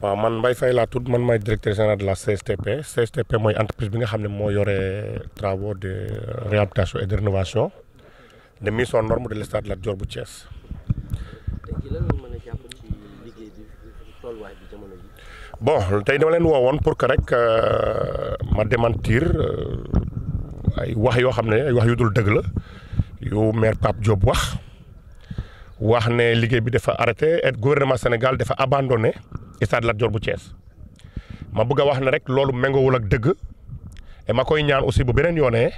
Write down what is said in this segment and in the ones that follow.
waaw man Mbaye fay laa tout man maay directeur général de la CSTP CSTP mooy entreprise bi nga xam ne moo yore travaux de réhabilitation et de rénovation de mise aux normes de l'Estade Lat Dior bu Thiès. bon tey dama leen woowoon pour que rek euh, ma démentir euh, ay wax yoo xam ne ay wax yu dul dëgg la yu maire Pape Diop wax wax ne liggéey bi dafa arrêté et gouvernement Sénégal dafa abandonné. stade Lat Dior bu cees ma bëgg a wax ne rek loolu méngoowul ak dëgg et ma koy ñaan aussi bu beneen yoonee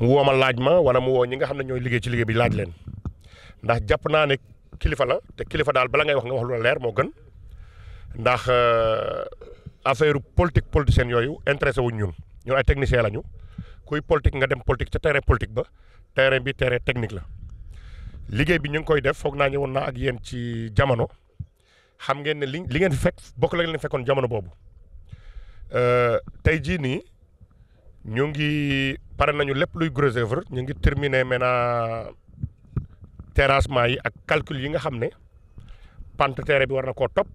mu woo ma laaj ma wala mu woo ñi nga xam ne ñooy liggéey ci liggéey bi laaj leen ndax jàpp naa ne kilifa la te kilifa daal bala ngay wax nga wax lu la leer moo gën ndax euh, affaire politique politicien yooyu intéressé wu ñun ñun ay technicien lañu kuy politique nga dem politique ca terrain politique ba terrain bi terrain technique la liggéey bi ñu ngi koy def foog naa ñëwoon naa ak yéen ci jamono. xam ngeen ne li li ngeen fekk bokk la leen fekkoon jamono boobu euh, tey jii nii ñu ngi pare nañu lépp luy gros œuvre ñu ngi terminer maintenant terrassement yi ak calcul yi nga xam ne pente terre bi war na koo topp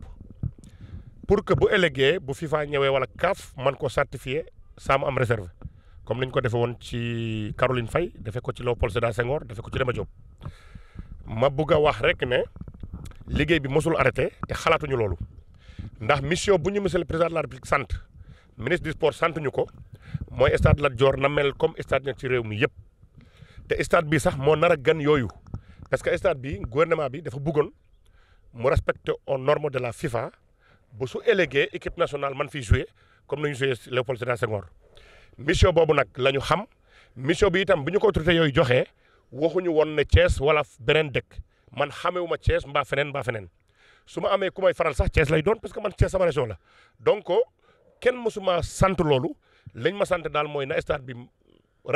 pour que bu ëllëgee bu FIFA ñëwee wala CAF man ko certifié saa am réserve comme ni ñu ko defee woon ci Caroline fay defee ko ci Léopold Sédar Senghor defee ko ci Demba Diop ma bugg wax rek ne. liggéey bi mosul arrêté te xalaatuñu loolu ndax mission bu ñu monsieur le président la république sant ministre du sport sant ko mooy stade Lat Dior na mel comme stade nekk ci réew mi yëpp te stade bi sax moo nar a gan yooyu parce que stade bi gouvernement bi dafa buggoon mu respecté aux normes de la FIFA ba su élégué équipe nationale man fiy joué comme nañu joué Léopold Sédar Senghor mission boobu nag la ñu xam mission bi itam bi ñu ko autorité yooyu joxee waxuñu woon ne Thiès wala beneen dëkk man xamewu ma Thiès mbaa feneen mbaa feneen su ma amee ku may faral sax Thiès lay doon parce que man Thiès sama région la donc kenn mësuma sant loolu lañ ma sant daal mooy na stade bi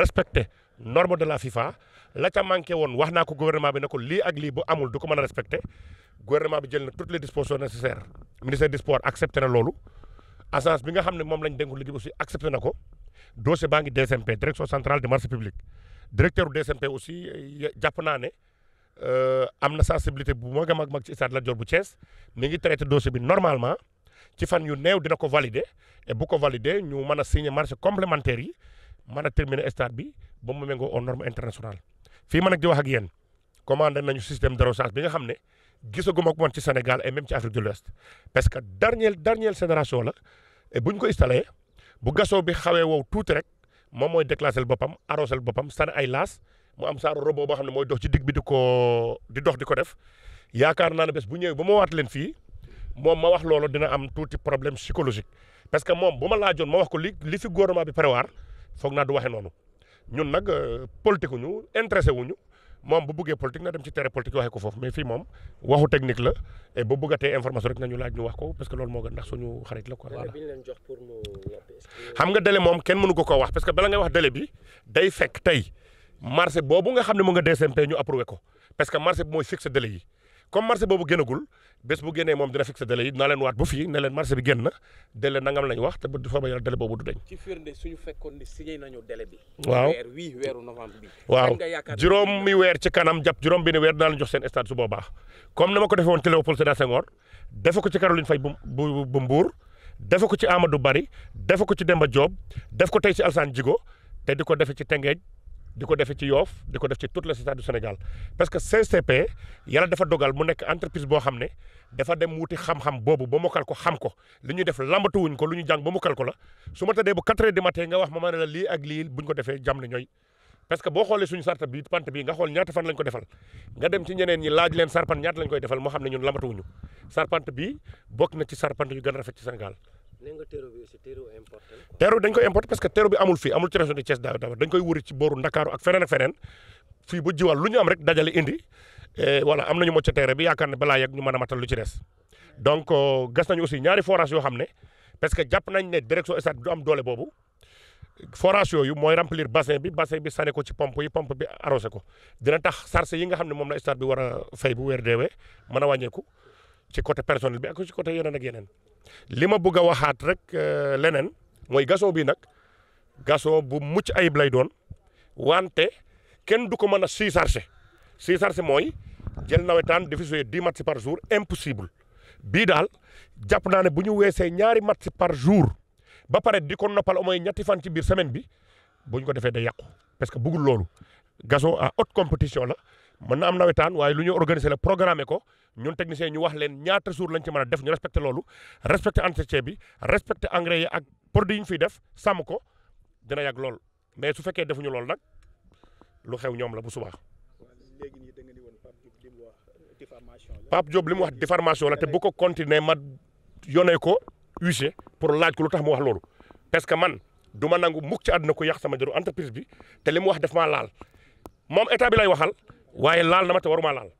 respecte norme de la FIFA la ca manqué woon wax naa ko gouvernement bi ne ko lii ak lii bu amul du ko mën a respecté gouvernement bi jël na toutes les dispositions nécessaires ministère du sport accepté na loolu agence bi nga xam ne moom lañ dénku liggéey aussi accepté na ko dossier baa ngi DCMP direction centrale des marchés publics directeur DCMP aussi euh, jàpp naa ne Euh, am na sensibilité bu mag a mag mag ci stade Lat Dior bu Thiès mi ngi traité dossier bi normalement ci fan yu néew dina ko valider et bu ko valider ñu mën a signer marché complémentaire yi mën a terminer stade bi ba mu méngoo aux normes internationales. fii ma nag di wax ak yéen commandé nañu système d'arrosage bi nga xam ne gisaguma ko woon ci Sénégal et même ci Afrique de l'Ouest parce que dernière dernière génération la et bu ñu ko installé bu gasoo bi xawee wow tuuti rek moom mooy déclassé boppam arrosé boppam sànni ay laas. mu am saaru robot boo xam ne mooy dox ci digg bi di ko di dox di ko def yaakaar naa ne bés bu ñëwee ba ma waat leen fii moom ma wax loolu dina am tuuti problème psychologique parce que moom bu ma laajoon ma wax ko li li fi gouvernement bi prévoir foog naa du waxee noonu ñun nag euh, politique ñu intéressé wuñu moom bu buggee politique na dem ci terrain politique waxee ko foofu mais fii moom waxu technique la bu buggatee information rek nañu laaj ñu wax ko parce que loolu moo gën ndax suñu nga délai moom kenn mënu ko koo wax parce que bala ngay wax délai bi day tey. marché boobu nga xam ne mu nga DCMP ñu approuvé ko parce que marché bi mooy fixe délai yi comme marché boobu génnagul bés bu génnee moom dina fixe délai yi dinaa leen waat bu fii ne leen bi génn na nangam lañ wax te bu fa ba yàlla délai boobu du dañ. ci firnde suñu fekkoon ne signé nañu délai bi. waaw juróom mi weer ci kanam jàpp juróom bi ni weer dinaa leen jox seen stade su boobaa comme ni ma ko defee woon ci Léopold Sédar Senghor defe ko ci Caroline Faye bu bu bu Mbour defe ko ci Amadou Bari defe def ko tey ci Alassane Djigo te di ko defe ci Tëngéej di ko defee ci yoof di ko def ci toutes les états du Sénégal parce que CCP yàlla dafa dogal mu nekk entreprise boo xam ne dafa dem wuti xam-xam boobu ba mokkal ko xam ko li ñuy def lambatuwuñ ko lu ñu jàng ba mokkal ko la su ma tëddee bu 4 heures du matin nga wax ma ma ne la lii ak lii buñ ko defee jam na ñooy. parce que boo xoolee suñu sarta bi pant bi nga xool ñaata fan lañ ko defal nga dem ci ñeneen ñi laaj leen sarpant ñaata lañ koy defal moo xam ne ñun lambatuwuñu sarpant bi bokk na ci sarpant yu gën a ci Sénégal. teeru dañ koy importer parce que tero bi amul fii amul ci région de Thiès daaw dañ koy wëri ci booru Ndakaaru ak feneen ak feneen fii ba jiwaal lu ñu am rek dajale indi eh, voilà am nañu mocc teere bi yaakaar ne balaa yegg ñu mën a matal lu ci des donc euh, gas nañu aussi ñaari forage yoo xam ne parce que jàpp nañ ne direction état du am doole boobu forage yooyu mooy remplir bassin bi bassin bi sane ko ci pompe yi pompe bi arrosé ko dina tax sarse yi nga xam ne moom la état bi war fay bu weer deewee mën a wàññeeku ci côté personnel bi ak ci côté yeneen ak yeneen li ma bëgg a waxaat rek euh, leneen mooy gason bi nag gason bu mucc ayib lay doon wante kenn du ko mën a surcharger surcharger mooy jël nawetaan di fi jouer dix matchs par jour impossible bii daal jàpp naa ne bu ñu weesee ñaari matchs par jour ba pare di ko noppal au moins ñetti fan ci biir semaine bi bu ko defee day yàqu parce que bëggul loolu gason a haute compétition la mën na am nawetaan waaye lu ñu organiser la programmer ko ñun technicien ñu wax leen ñaata suur lañ ci man a def ñu respecté loolu respecté entretien bi respecté engrais yi ak produit yi ñu fiy def sàmm ko dina yàgg lool mais su fekkee defuñu loolu nag lu xew ñoom la bu subaa. Pape job li mu wax diffamation la te bu ko continuer ma yónnee ko huissier pour laaj lu tax mu wax loolu parce que man du ma nangu mukk ci àdduna yàq sama jëru entreprise bi te li mu wax daf maa laal moom état bi lay waxal. waaye laal na ma te waruma laal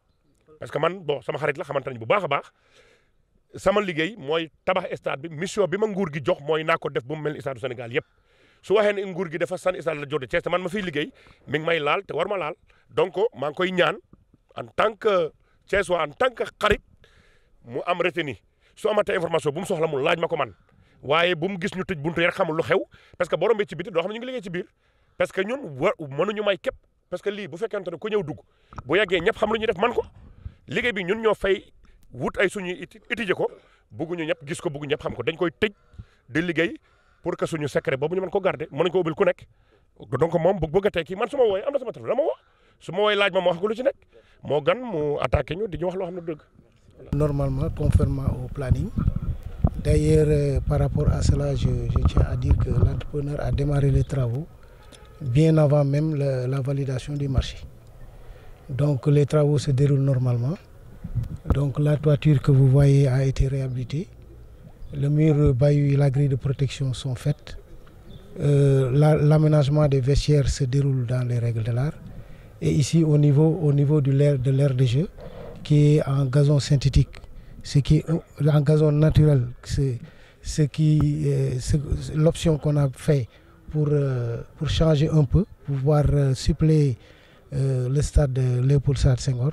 parce que man bon sama xarit la xamante nañ bu baax a baax sama liggéey mooy tabax stade bi mission bi ma nguur gi jox mooy naa ko def bu mu mel ni stade Sénégal yëpp su ne nguur gi dafa san stade Lat Dior de ma fiy liggéey mi ngi may laal te war ma laal donc maa ngi koy ñaan en tant que Thiessois en tant que xarit mu am retenu su amatee information bu mu soxla mu laaj ma ko man waaye bu mu gis ñu buntu yi xamul lu xew parce que borom bi ci biti doo xam ñu ngi liggéey ci biir parce que ñun wa ñu may képp parce que lii bu fekkente ne ko ñëw dugg bu yeggee ñëpp xam lu ñu def man ko liggéey bi ñun ñoo fay wut ay suñuy étudier ko bugguñu ñëpp gis ko bugg ñëpp xam ko dañ koy tëj di liggéey pour que suñu secret boobu ñu man ko garder mën nañ ko ubbil ku nekk donc moom bu bëgg a tekki man su ma wooyee am na sama téléphone la ma woo su ma wooyee laaj ma ma wax ko lu ci nekk moo gan mu attaqué ñu di ñu wax loo xam ne dëgg. normalement conformément au planning. day euh, par rapport à cela, je, je à dire les travaux bien avant même la, la validation des marché. Donc les travaux se déroulent normalement. Donc la toiture que vous voyez a été réabilité Le mur bahut et la grille de protection sont faites. Euh, l'aménagement la, des vestiaires se déroule dans les règles de l'art. Et ici au niveau au niveau l'air de l'aire de jeu qui est en gazon synthétique, ce qui est en gazon naturel, c'est ce qui euh, l'option qu'on a fait pour, euh, pour changer un peu, pouvoir euh, suppléer euh, le stade de Léopold Sartre Senghor.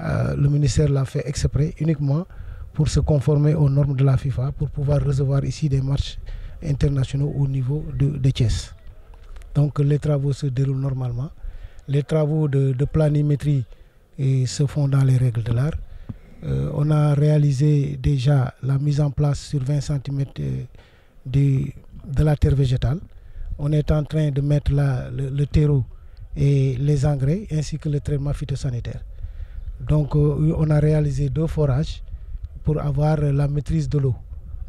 Euh, le ministère l'a fait exprès uniquement pour se conformer aux normes de la FIFA, pour pouvoir recevoir ici des matchs internationaux au niveau de, de Thiès. Donc les travaux se déroulent normalement. Les travaux de, de planimétrie et se font dans les règles de l'art. Euh, on a réalisé déjà la mise en place sur 20 cm de, de la terre végétale. on est en train de mettre la le, le, terreau et les engrais ainsi que le traitement phytosanitaire. Donc euh, on a réalisé deux forages pour avoir la maîtrise de l'eau.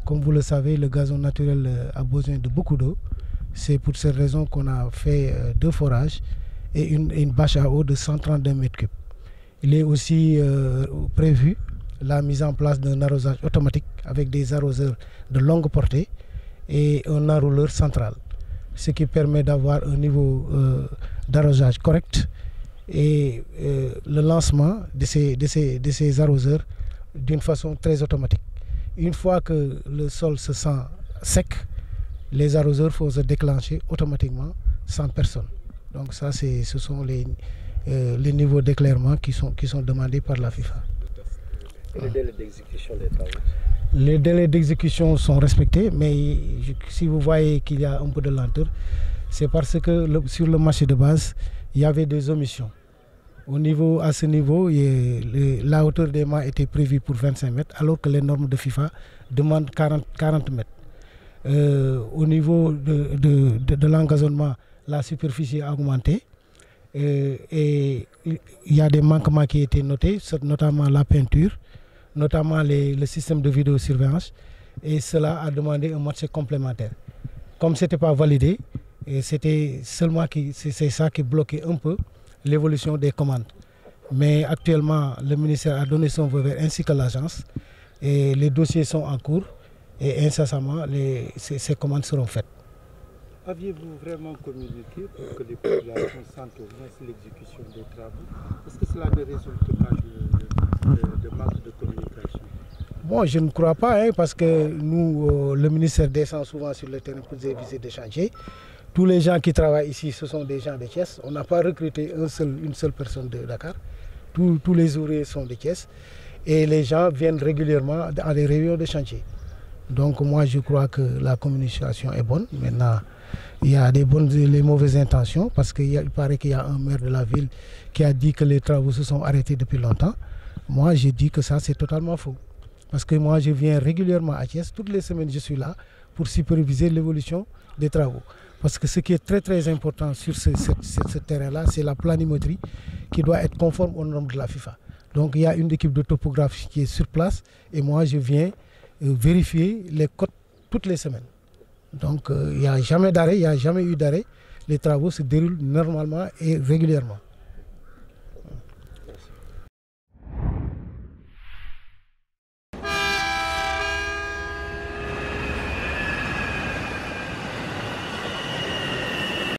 Comme vous le savez, le gazon naturel euh, a besoin de beaucoup d'eau. C'est pour cette raison qu'on a fait euh, deux forages et une, une, bâche à eau de 132 mètres cubes. Il est aussi euh, prévu la mise en place d'un arrosage automatique avec des arroseurs de longue portée et un enrouleur central. ce qui permet d'avoir un niveau euh, d'arrosage correct et euh, le lancement de ces, de ces, de ces arroseurs d'une façon très automatique. Une fois que le sol se sent sec, les arroseurs font se déclencher automatiquement sans personne. Donc ça, ce sont les, euh, les niveaux d'éclairement qui sont, qui sont demandés par la FIFA. les délais d'exécution sont respectés, mais je, si vous voyez qu'il y a un peu de lenteur, c'est parce que le, sur le marché de base, il y avait des omissions. Au niveau, à ce niveau, il, les, la hauteur des mâts était prévue pour 25 mètres, alors que les normes de FIFA demandent 40, 40 mètres. Euh, au niveau de, de, de, de l'engazonnement, la superficie a augmenté. Euh, et il y a des manquements qui étaient notés, notamment la peinture. notamment les, le système de vidéosurveillance, et cela a demandé un marché complémentaire. Comme ce n'était pas validé, c'était seulement c'est ça qui bloquait un peu l'évolution des commandes. Mais actuellement, le ministère a donné son vœu ainsi que l'agence, et les dossiers sont en cours, et incessamment, les, ces, ces commandes seront faites. de, de manque de je ne crois pas, parce que nous, euh, le ministère descend souvent sur le terrain pour des visites de chantier. Tous les gens qui travaillent ici, ce sont des gens de Thiès. On n'a pas recruté une seule personne de Dakar. Tous, tous les ouvriers sont de Thiès. Et les gens viennent régulièrement à des réunions de chantier. Donc moi, je crois que la communication est bonne. Maintenant, il y des bonnes et les mauvaises intentions parce qu'il il paraît qu'il y a un maire de la ville qui a dit que les travaux se sont arrêtés depuis longtemps. Moi, j'ai dit que ça, c'est totalement faux. Parce que moi, je viens régulièrement à Thiès. Toutes les semaines, je suis là pour superviser l'évolution des travaux. Parce que ce qui est très, très important sur ce, ce, ce, ce terrain-là, c'est la planimétrie qui doit être conforme aux normes de la FIFA. Donc, il y a une équipe de topographes qui est sur place et moi, je euh, les semaines. Donc, ya euh, n'y a jamais d'arrêt, il n'y a jamais eu d'arrêt. Les travaux se déroulent normalement et régulièrement.